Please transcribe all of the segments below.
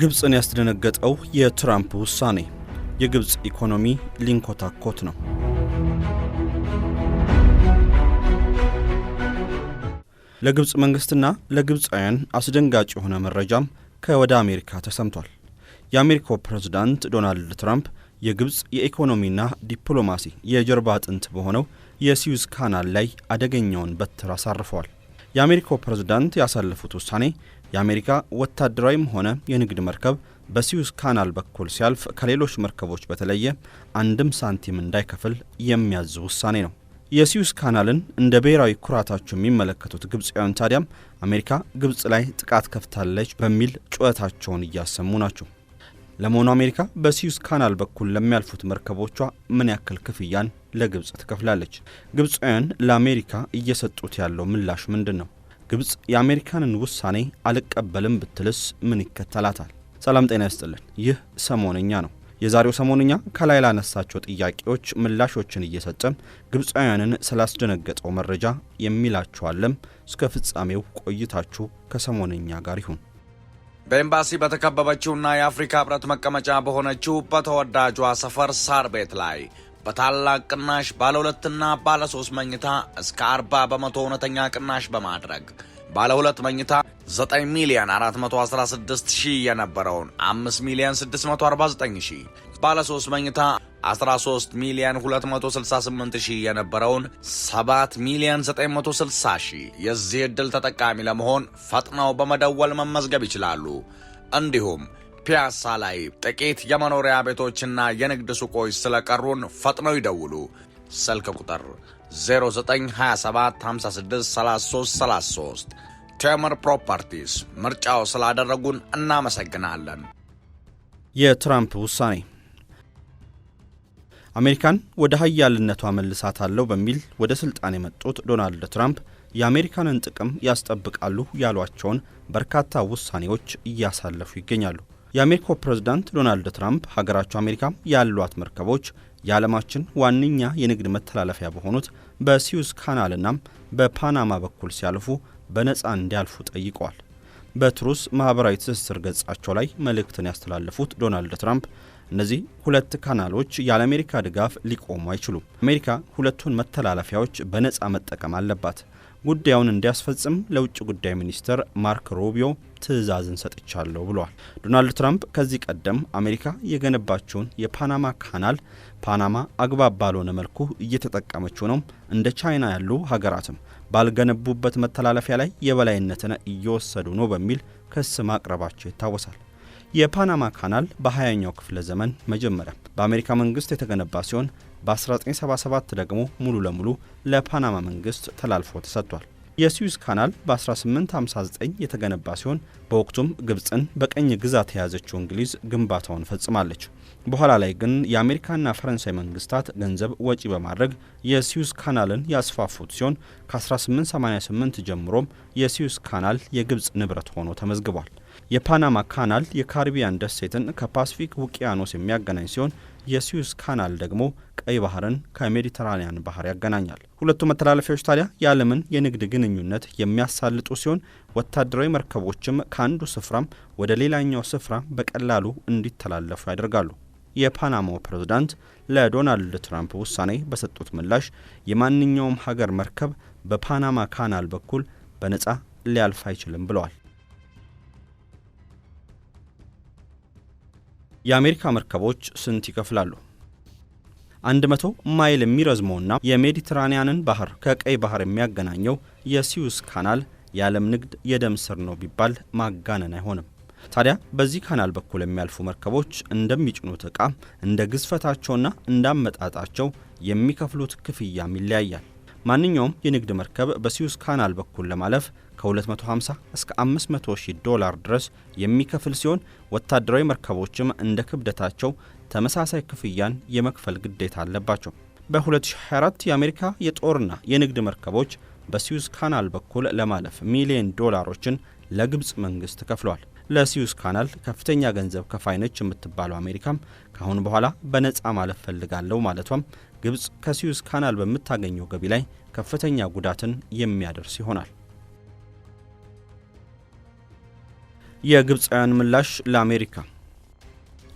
ግብፅን ያስደነገጠው የትራምፕ ውሳኔ የግብፅ ኢኮኖሚ ሊንኮታኮት ነው። ለግብፅ መንግስትና ለግብፃውያን አስደንጋጭ የሆነ መረጃም ከወደ አሜሪካ ተሰምቷል። የአሜሪካው ፕሬዝዳንት ዶናልድ ትራምፕ የግብፅ የኢኮኖሚና ዲፕሎማሲ የጀርባ አጥንት በሆነው የሲዩዝ ካናል ላይ አደገኛውን በትር አሳርፈዋል። የአሜሪካው ፕሬዝዳንት ያሳለፉት ውሳኔ የአሜሪካ ወታደራዊም ሆነ የንግድ መርከብ በሲዩዝ ካናል በኩል ሲያልፍ ከሌሎች መርከቦች በተለየ አንድም ሳንቲም እንዳይከፍል የሚያዝ ውሳኔ ነው። የሲዩዝ ካናልን እንደ ብሔራዊ ኩራታቸው የሚመለከቱት ግብፃውያን ታዲያም አሜሪካ ግብፅ ላይ ጥቃት ከፍታለች በሚል ጩኸታቸውን እያሰሙ ናቸው። ለመሆኑ አሜሪካ በሲዩዝ ካናል በኩል ለሚያልፉት መርከቦቿ ምን ያክል ክፍያን ለግብፅ ትከፍላለች? ግብፃውያን ለአሜሪካ እየሰጡት ያለው ምላሽ ምንድን ነው? ግብፅ የአሜሪካንን ውሳኔ አልቀበልም ብትልስ ምን ይከተላታል? ሰላም ጤና ይስጥልን። ይህ ሰሞንኛ ነው። የዛሬው ሰሞንኛ ከላይ ላነሳቸው ጥያቄዎች ምላሾችን እየሰጠም ግብፃውያንን ስላስደነገጠው መረጃ የሚላችኋለም። እስከ ፍጻሜው ቆይታችሁ ከሰሞንኛ ጋር ይሁን። በኤምባሲ በተከበበችውና የአፍሪካ ህብረት መቀመጫ በሆነችው በተወዳጇ ሰፈር ሳር ቤት ላይ በታላቅ ቅናሽ ባለ ሁለትና ባለ ሶስት መኝታ እስከ 40 በመቶ እውነተኛ ቅናሽ በማድረግ ባለ ሁለት መኝታ 9 ሚሊዮን 416 ሺህ የነበረውን 5 ሚሊዮን 649 ሺህ፣ ባለ 3 መኝታ 13 ሚሊዮን 268 ሺህ የነበረውን 7 ሚሊዮን 960 ሺህ። የዚህ ዕድል ተጠቃሚ ለመሆን ፈጥነው በመደወል መመዝገብ ይችላሉ። እንዲሁም ፒያሳ ላይ ጥቂት የመኖሪያ ቤቶችና የንግድ ሱቆች ስለቀሩን ፈጥነው ይደውሉ። ስልክ ቁጥር 0927563333 ቴምር ፕሮፐርቲስ ምርጫው ስላደረጉን እናመሰግናለን። የትራምፕ ውሳኔ አሜሪካን ወደ ሀያልነቷ መልሳታለሁ በሚል ወደ ሥልጣን የመጡት ዶናልድ ትራምፕ የአሜሪካንን ጥቅም ያስጠብቃሉ ያሏቸውን በርካታ ውሳኔዎች እያሳለፉ ይገኛሉ። የአሜሪካው ፕሬዝዳንት ዶናልድ ትራምፕ ሀገራቸው አሜሪካ ያሏት መርከቦች የዓለማችን ዋነኛ የንግድ መተላለፊያ በሆኑት በሲዩዝ ካናልና በፓናማ በኩል ሲያልፉ በነፃ እንዲያልፉ ጠይቀዋል። በትሩስ ማኅበራዊ ትስስር ገጻቸው ላይ መልእክትን ያስተላለፉት ዶናልድ ትራምፕ እነዚህ ሁለት ካናሎች ያለ አሜሪካ ድጋፍ ሊቆሙ አይችሉም፣ አሜሪካ ሁለቱን መተላለፊያዎች በነፃ መጠቀም አለባት ጉዳዩን እንዲያስፈጽም ለውጭ ጉዳይ ሚኒስትር ማርክ ሮቢዮ ትዕዛዝን ሰጥቻለሁ ብሏል። ዶናልድ ትራምፕ ከዚህ ቀደም አሜሪካ የገነባቸውን የፓናማ ካናል ፓናማ አግባብ ባልሆነ መልኩ እየተጠቀመችው ነው፣ እንደ ቻይና ያሉ ሀገራትም ባልገነቡበት መተላለፊያ ላይ የበላይነትን እየወሰዱ ነው በሚል ክስ ማቅረባቸው ይታወሳል። የፓናማ ካናል በ20ኛው ክፍለ ዘመን መጀመሪያ በአሜሪካ መንግስት የተገነባ ሲሆን በ1977 ደግሞ ሙሉ ለሙሉ ለፓናማ መንግስት ተላልፎ ተሰጥቷል። የስዊዝ ካናል በ1859 የተገነባ ሲሆን በወቅቱም ግብፅን በቀኝ ግዛት የያዘችው እንግሊዝ ግንባታውን ፈጽማለች። በኋላ ላይ ግን የአሜሪካና ፈረንሳይ መንግስታት ገንዘብ ወጪ በማድረግ የስዊዝ ካናልን ያስፋፉት ሲሆን ከ1888 ጀምሮም የስዊዝ ካናል የግብፅ ንብረት ሆኖ ተመዝግቧል። የፓናማ ካናል የካሪቢያን ደሴትን ከፓስፊክ ውቅያኖስ የሚያገናኝ ሲሆን የሱዌዝ ካናል ደግሞ ቀይ ባህርን ከሜዲተራኒያን ባህር ያገናኛል። ሁለቱ መተላለፊያዎች ታዲያ የዓለምን የንግድ ግንኙነት የሚያሳልጡ ሲሆን ወታደራዊ መርከቦችም ከአንዱ ስፍራም ወደ ሌላኛው ስፍራ በቀላሉ እንዲተላለፉ ያደርጋሉ። የፓናማው ፕሬዝዳንት ለዶናልድ ትራምፕ ውሳኔ በሰጡት ምላሽ የማንኛውም ሀገር መርከብ በፓናማ ካናል በኩል በነፃ ሊያልፍ አይችልም ብለዋል። የአሜሪካ መርከቦች ስንት ይከፍላሉ? 100 ማይል የሚረዝመውና የሜዲትራኒያንን ባህር ከቀይ ባህር የሚያገናኘው የሲዩስ ካናል የዓለም ንግድ የደም ስር ነው ቢባል ማጋነን አይሆንም። ታዲያ በዚህ ካናል በኩል የሚያልፉ መርከቦች እንደሚጭኑት ዕቃ እንደ ግዝፈታቸውና እንዳመጣጣቸው የሚከፍሉት ክፍያም ይለያያል። ማንኛውም የንግድ መርከብ በሲዩስ ካናል በኩል ለማለፍ ከ250 እስከ 500 ሺህ ዶላር ድረስ የሚከፍል ሲሆን ወታደራዊ መርከቦችም እንደ ክብደታቸው ተመሳሳይ ክፍያን የመክፈል ግዴታ አለባቸው። በ2024 የአሜሪካ የጦርና የንግድ መርከቦች በሲዩዝ ካናል በኩል ለማለፍ ሚሊዮን ዶላሮችን ለግብፅ መንግስት ከፍሏል። ለሲዩዝ ካናል ከፍተኛ ገንዘብ ከፋይ ነች የምትባለው አሜሪካም ከአሁን በኋላ በነፃ ማለፍ ፈልጋለሁ ማለቷም ግብፅ ከሲዩዝ ካናል በምታገኘው ገቢ ላይ ከፍተኛ ጉዳትን የሚያደርስ ይሆናል። የግብፃውያን ምላሽ ለአሜሪካ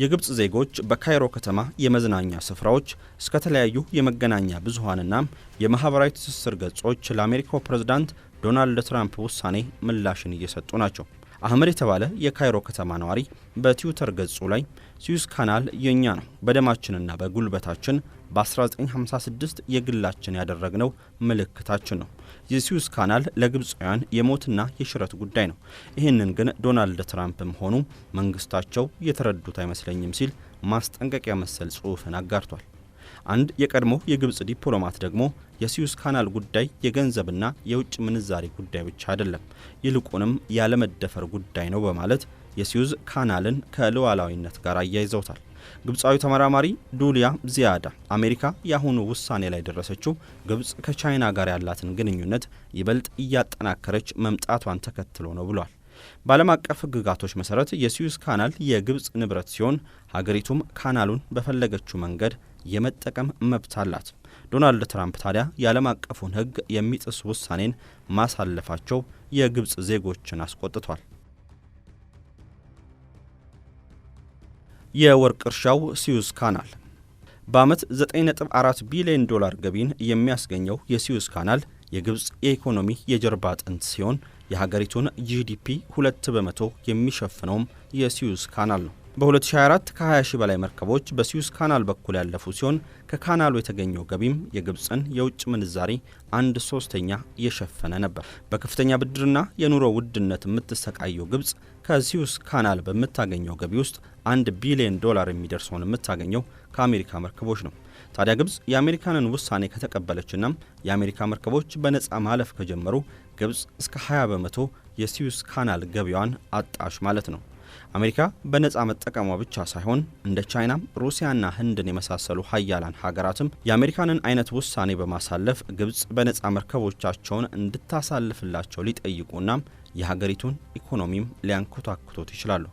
የግብፅ ዜጎች በካይሮ ከተማ የመዝናኛ ስፍራዎች እስከ ተለያዩ የመገናኛ ብዙሀንና የማኅበራዊ ትስስር ገጾች ለአሜሪካው ፕሬዝዳንት ዶናልድ ትራምፕ ውሳኔ ምላሽን እየሰጡ ናቸው። አህመድ የተባለ የካይሮ ከተማ ነዋሪ በትዊተር ገጹ ላይ ስዊዝ ካናል የእኛ ነው፣ በደማችንና በጉልበታችን በ1956 የግላችን ያደረግነው ምልክታችን ነው። የሲዩዝ ካናል ለግብፃውያን የሞትና የሽረት ጉዳይ ነው። ይህንን ግን ዶናልድ ትራምፕም ሆኑ መንግስታቸው የተረዱት አይመስለኝም ሲል ማስጠንቀቂያ መሰል ጽሑፍን አጋርቷል። አንድ የቀድሞ የግብፅ ዲፕሎማት ደግሞ የሲዩዝ ካናል ጉዳይ የገንዘብና የውጭ ምንዛሪ ጉዳይ ብቻ አይደለም፣ ይልቁንም ያለመደፈር ጉዳይ ነው በማለት የሲዩዝ ካናልን ከሉዓላዊነት ጋር አያይዘውታል። ግብፃዊ ተመራማሪ ዱሊያ ዚያዳ አሜሪካ የአሁኑ ውሳኔ ላይ ደረሰችው ግብፅ ከቻይና ጋር ያላትን ግንኙነት ይበልጥ እያጠናከረች መምጣቷን ተከትሎ ነው ብሏል። በዓለም አቀፍ ሕግጋቶች መሰረት የሱዌዝ ካናል የግብፅ ንብረት ሲሆን ሀገሪቱም ካናሉን በፈለገችው መንገድ የመጠቀም መብት አላት። ዶናልድ ትራምፕ ታዲያ የዓለም አቀፉን ሕግ የሚጥስ ውሳኔን ማሳለፋቸው የግብፅ ዜጎችን አስቆጥቷል። የወርቅ እርሻው ሲዩዝ ካናል በዓመት 9.4 ቢሊዮን ዶላር ገቢን የሚያስገኘው የሲዩዝ ካናል የግብፅ የኢኮኖሚ የጀርባ አጥንት ሲሆን የሀገሪቱን ጂዲፒ ሁለት በመቶ የሚሸፍነውም የሲዩዝ ካናል ነው። በ2024 ከ20 ሺ በላይ መርከቦች በሲዩስ ካናል በኩል ያለፉ ሲሆን ከካናሉ የተገኘው ገቢም የግብፅን የውጭ ምንዛሪ አንድ ሶስተኛ የሸፈነ ነበር። በከፍተኛ ብድርና የኑሮ ውድነት የምትሰቃየው ግብፅ ከሲዩስ ካናል በምታገኘው ገቢ ውስጥ አንድ ቢሊዮን ዶላር የሚደርሰውን የምታገኘው ከአሜሪካ መርከቦች ነው። ታዲያ ግብፅ የአሜሪካንን ውሳኔ ከተቀበለችና የአሜሪካ መርከቦች በነፃ ማለፍ ከጀመሩ ግብፅ እስከ 20 በመቶ የሲዩስ ካናል ገቢዋን አጣሽ ማለት ነው። አሜሪካ በነፃ መጠቀሟ ብቻ ሳይሆን እንደ ቻይና፣ ሩሲያና ህንድን የመሳሰሉ ሀያላን ሀገራትም የአሜሪካንን አይነት ውሳኔ በማሳለፍ ግብጽ በነፃ መርከቦቻቸውን እንድታሳልፍላቸው ሊጠይቁና የሀገሪቱን ኢኮኖሚም ሊያንኮታክቶት ይችላሉ።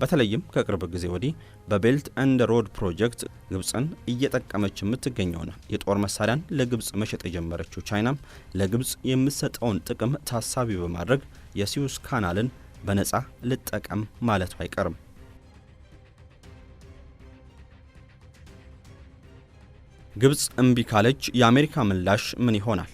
በተለይም ከቅርብ ጊዜ ወዲህ በቤልት ኤንድ ሮድ ፕሮጀክት ግብፅን እየጠቀመች የምትገኘውና የጦር መሳሪያን ለግብፅ መሸጥ የጀመረችው ቻይናም ለግብፅ የምትሰጠውን ጥቅም ታሳቢ በማድረግ የሲዩስ ካናልን በነፃ ልጠቀም ማለቱ አይቀርም። ግብፅ እምቢ ካለች የአሜሪካ ምላሽ ምን ይሆናል?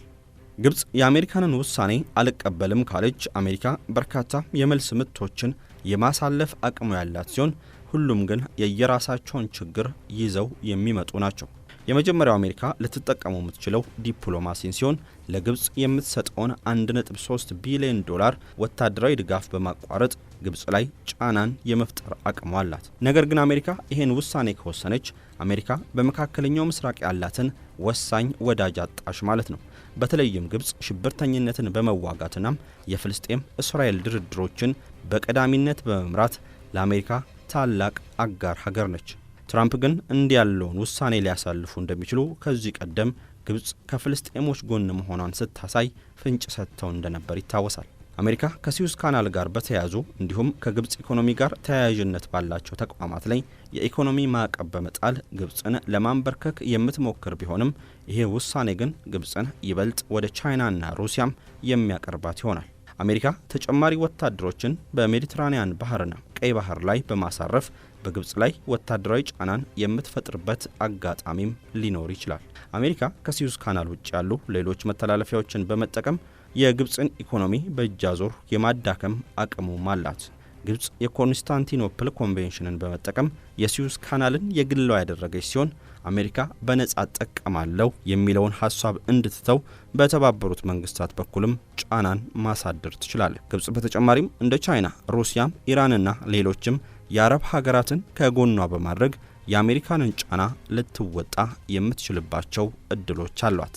ግብፅ የአሜሪካንን ውሳኔ አልቀበልም ካለች አሜሪካ በርካታ የመልስ ምቶችን የማሳለፍ አቅሙ ያላት ሲሆን ሁሉም ግን የየራሳቸውን ችግር ይዘው የሚመጡ ናቸው። የመጀመሪያው አሜሪካ ልትጠቀመው የምትችለው ዲፕሎማሲን ሲሆን ለግብጽ የምትሰጠውን 1.3 ቢሊዮን ዶላር ወታደራዊ ድጋፍ በማቋረጥ ግብጽ ላይ ጫናን የመፍጠር አቅሟ አላት። ነገር ግን አሜሪካ ይህን ውሳኔ ከወሰነች አሜሪካ በመካከለኛው ምስራቅ ያላትን ወሳኝ ወዳጅ አጣሽ ማለት ነው። በተለይም ግብጽ ሽብርተኝነትን በመዋጋትናም የፍልስጤም እስራኤል ድርድሮችን በቀዳሚነት በመምራት ለአሜሪካ ታላቅ አጋር ሀገር ነች። ትራምፕ ግን እንዲህ ያለውን ውሳኔ ሊያሳልፉ እንደሚችሉ ከዚህ ቀደም ግብጽ ከፍልስጤሞች ጎን መሆኗን ስታሳይ ፍንጭ ሰጥተው እንደነበር ይታወሳል። አሜሪካ ከሲዩስ ካናል ጋር በተያያዙ እንዲሁም ከግብፅ ኢኮኖሚ ጋር ተያያዥነት ባላቸው ተቋማት ላይ የኢኮኖሚ ማዕቀብ በመጣል ግብፅን ለማንበርከክ የምትሞክር ቢሆንም ይሄ ውሳኔ ግን ግብፅን ይበልጥ ወደ ቻይናና ሩሲያም የሚያቀርባት ይሆናል። አሜሪካ ተጨማሪ ወታደሮችን በሜዲትራኒያን ባህርና ቀይ ባህር ላይ በማሳረፍ በግብጽ ላይ ወታደራዊ ጫናን የምትፈጥርበት አጋጣሚም ሊኖር ይችላል። አሜሪካ ከሲዩዝ ካናል ውጭ ያሉ ሌሎች መተላለፊያዎችን በመጠቀም የግብፅን ኢኮኖሚ በእጅ አዙር የማዳከም አቅሙም አላት። ግብፅ የኮንስታንቲኖፕል ኮንቬንሽንን በመጠቀም የሲዩዝ ካናልን የግላው ያደረገች ሲሆን አሜሪካ በነጻ ጠቀማለው የሚለውን ሀሳብ እንድትተው በተባበሩት መንግስታት በኩልም ጫናን ማሳደር ትችላለች። ግብጽ በተጨማሪም እንደ ቻይና፣ ሩሲያም፣ ኢራንና ሌሎችም የአረብ ሀገራትን ከጎኗ በማድረግ የአሜሪካንን ጫና ልትወጣ የምትችልባቸው እድሎች አሏት።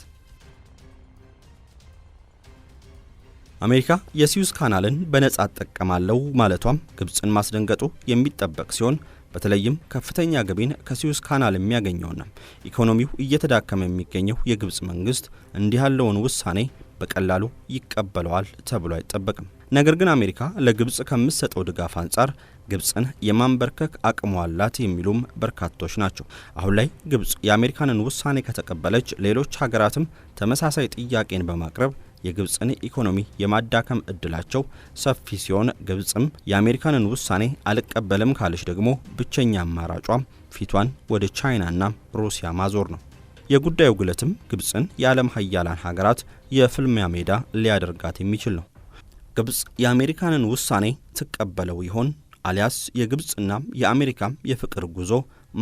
አሜሪካ የሲዩዝ ካናልን በነጻ ጠቀማለሁ ማለቷም ግብጽን ማስደንገጡ የሚጠበቅ ሲሆን በተለይም ከፍተኛ ገቢን ከሲዩስ ካናል የሚያገኘውና ኢኮኖሚው እየተዳከመ የሚገኘው የግብፅ መንግስት እንዲህ ያለውን ውሳኔ በቀላሉ ይቀበለዋል ተብሎ አይጠበቅም። ነገር ግን አሜሪካ ለግብፅ ከምትሰጠው ድጋፍ አንጻር ግብፅን የማንበርከክ አቅሟላት አላት የሚሉም በርካቶች ናቸው። አሁን ላይ ግብፅ የአሜሪካንን ውሳኔ ከተቀበለች ሌሎች ሀገራትም ተመሳሳይ ጥያቄን በማቅረብ የግብፅን ኢኮኖሚ የማዳከም እድላቸው ሰፊ ሲሆን ግብፅም የአሜሪካንን ውሳኔ አልቀበልም ካለች ደግሞ ብቸኛ አማራጯ ፊቷን ወደ ቻይናና ሩሲያ ማዞር ነው። የጉዳዩ ግለትም ግብፅን የዓለም ሀያላን ሀገራት የፍልሚያ ሜዳ ሊያደርጋት የሚችል ነው። ግብፅ የአሜሪካንን ውሳኔ ትቀበለው ይሆን? አሊያስ የግብፅና የአሜሪካም የፍቅር ጉዞ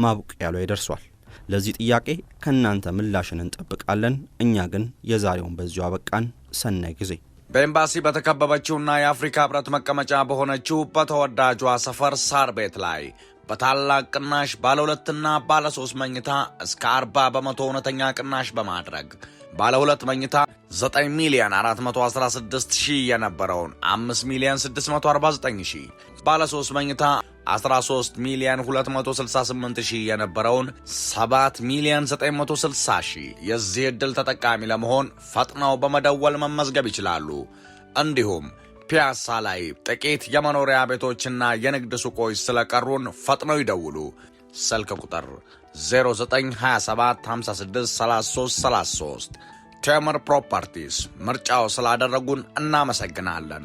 ማብቂያ ላይ ደርሷል? ለዚህ ጥያቄ ከእናንተ ምላሽን እንጠብቃለን። እኛ ግን የዛሬውን በዚሁ አበቃን። ሰናይ ጊዜ በኤምባሲ በተከበበችውና የአፍሪካ ህብረት መቀመጫ በሆነችው በተወዳጇ ሰፈር ሳር ቤት ላይ በታላቅ ቅናሽ ባለ ሁለትና ባለ ሶስት መኝታ እስከ 40 በመቶ እውነተኛ ቅናሽ በማድረግ ባለ ሁለት መኝታ 9 ሚሊዮን 416 ሺህ የነበረውን 5 ሚሊዮን 649 ሺህ ባለ ሶስት መኝታ 13 ሚሊዮን 268 ሺህ የነበረውን 7 ሚሊዮን 960 ሺህ የዚህ ዕድል ተጠቃሚ ለመሆን ፈጥነው በመደወል መመዝገብ ይችላሉ። እንዲሁም ፒያሳ ላይ ጥቂት የመኖሪያ ቤቶችና የንግድ ሱቆች ስለቀሩን ፈጥነው ይደውሉ። ስልክ ቁጥር 0927 56 ቴምር ፕሮፐርቲስ ምርጫው ስላደረጉን እናመሰግናለን።